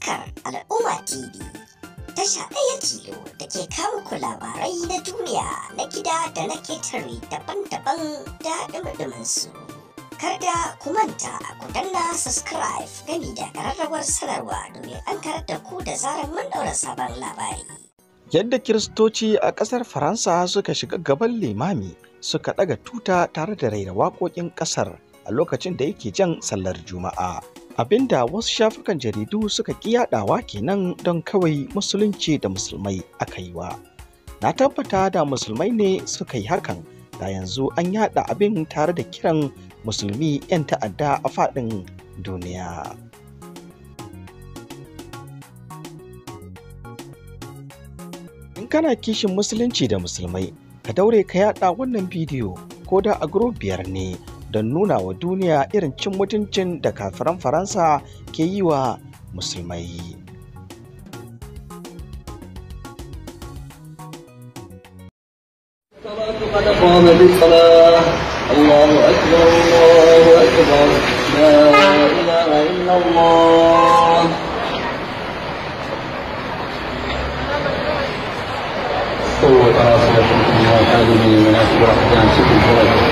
al al'umma tv tasha ɗaya tilo da ke kawo ku labarai na duniya na gida da na ketare daban-daban da ɗumɗumin su kada ku manta ku danna subscribe gami da ƙararrawar sanarwa domin an karar da ku da zarar mun ɗaura sabon labari yadda kiristoci a ƙasar faransa suka shiga gaban limami suka ɗaga tuta tare da raira waƙoƙin ƙasar a lokacin da yake jan sallar juma'a abinda wasu shafukan jaridu suka ƙi yaɗawa kenan don kawai musulunci da musulmai aka yi wa na tabbata da musulmai ne suka yi hakan da yanzu an yaɗa abin tare da kiran musulmi 'yan ta'adda a faɗin duniya in kana kishin musulunci da musulmai ka daure ka yaɗa wannan bidiyo ko da a biyar ne don nuna wa duniya irin cin mutuncin da kafiran faransa ke yi wa musulmai الله أكبر الله أكبر لا إله إلا الله على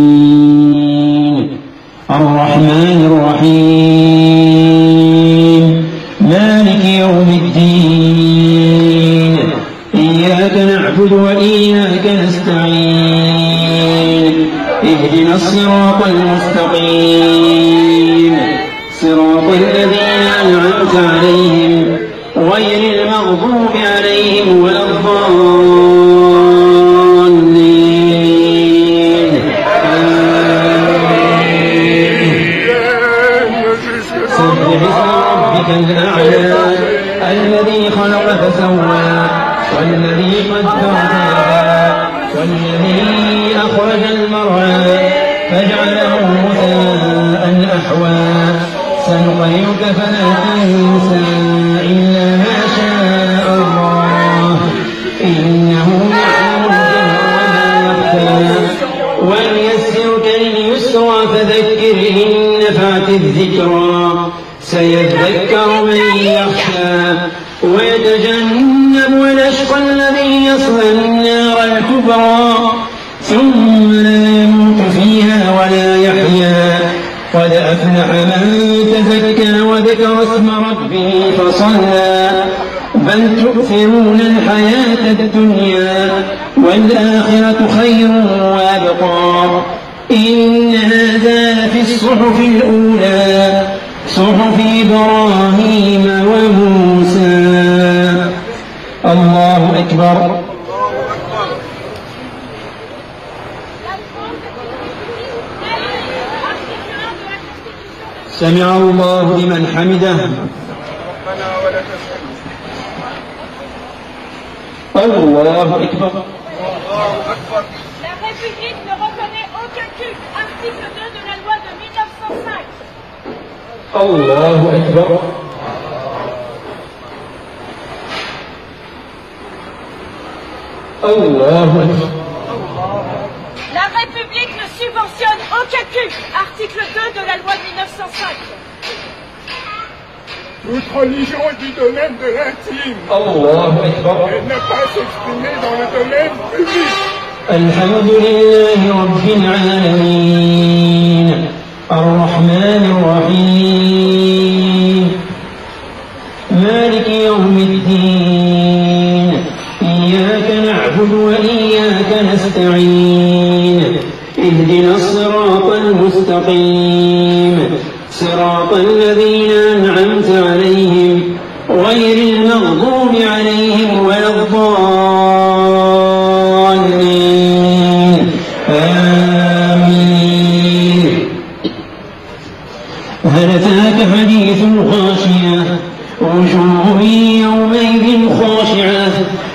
الرحيم إياك نعبد وإياك نستعين اهدنا الصراط المستقيم والذي خلق فسوى والذي قدر فهدى والذي أخرج المرعى فجعله غثاء أحوى سنقرئك فلا تنسى إلا ما شاء الله إنه يعلم الجهر وما يخفى وليسرك لليسرى فذكر إن نفعت الذكرى سيذكر ويتجنب ونشقى الذي يصلى النار الكبرى ثم لا يموت فيها ولا يحيا قد أفلح من تزكى وذكر اسم ربه فصلى بل تؤثرون الحياة الدنيا والآخرة خير وأبقى إن هذا في الصحف الأولى صحف إبراهيم وموسى أكبر سمع الله لمن حمده ربنا ولك الحمد الله أكبر الله أكبر الله أكبر La République ne subventionne aucun culte. Article 2 de la loi de 1905. Toute religion est du domaine de l'intime. Elle ne pas s'exprimer dans le domaine public. الحمد لله رب العالمين الرحمن الرحيم مالك يوم نعبد وإياك نستعين اهدنا الصراط المستقيم صراط الذين أنعمت عليهم غير المغضوب عليهم ولا الضالين آمين هل أتاك حديث الخاشية وجوه يومئذ خاشعة